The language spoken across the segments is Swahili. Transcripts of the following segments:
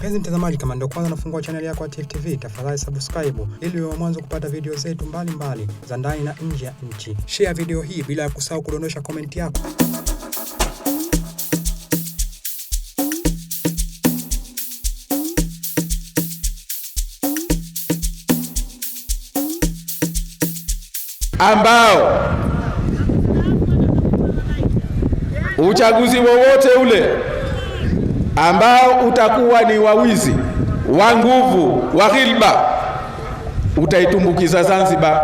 Mpenzi mtazamaji, kama ndio kwanza nafungua chaneli yako ya Tifu TV, tafadhali subscribe ili uwe mwanzo kupata video zetu mbalimbali za ndani na nje ya nchi. Share video hii bila ya kusahau kudondosha komenti yako. ambao uchaguzi wowote ule ambao utakuwa ni wawizi wa nguvu wa ghilba, utaitumbukiza Zanzibar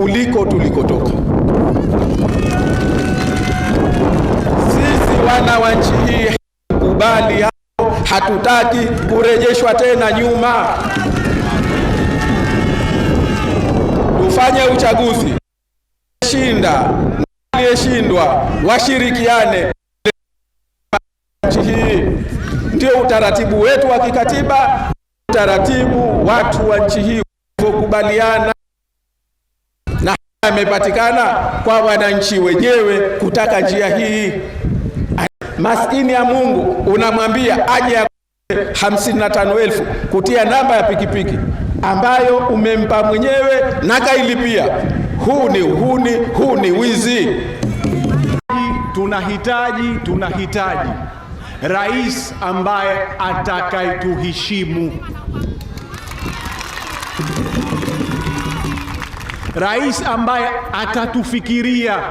kuliko tulikotoka. Sisi wana wa nchi hii hatukubali hayo, hatutaki kurejeshwa tena nyuma. Tufanye uchaguzi, shinda aliyeshindwa washirikiane nchi hii. Ndio utaratibu wetu wa kikatiba, utaratibu watu wa nchi hii kukubaliana na amepatikana kwa wananchi wenyewe kutaka njia hii. Maskini ya Mungu unamwambia aje hamsini na tano elfu kutia namba ya pikipiki ambayo umempa mwenyewe na kailipia. Huu ni uhuni, huu ni wizi. Tunahitaji tunahitaji rais ambaye atakayetuheshimu, rais ambaye atatufikiria,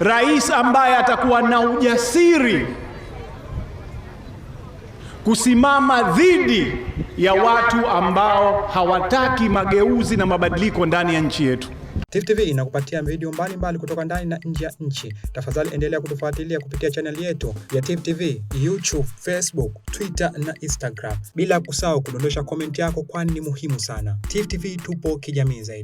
rais ambaye atakuwa na ujasiri kusimama dhidi ya watu ambao hawataki mageuzi na mabadiliko ndani ya nchi yetu. Tifu TV inakupatia video mbalimbali kutoka ndani na nje ya nchi. Tafadhali endelea kutufuatilia kupitia chaneli yetu ya Tifu TV, YouTube, Facebook, Twitter na Instagram, bila kusahau kudondosha komenti yako, kwani ni muhimu sana. Tifu TV tupo kijamii zaidi.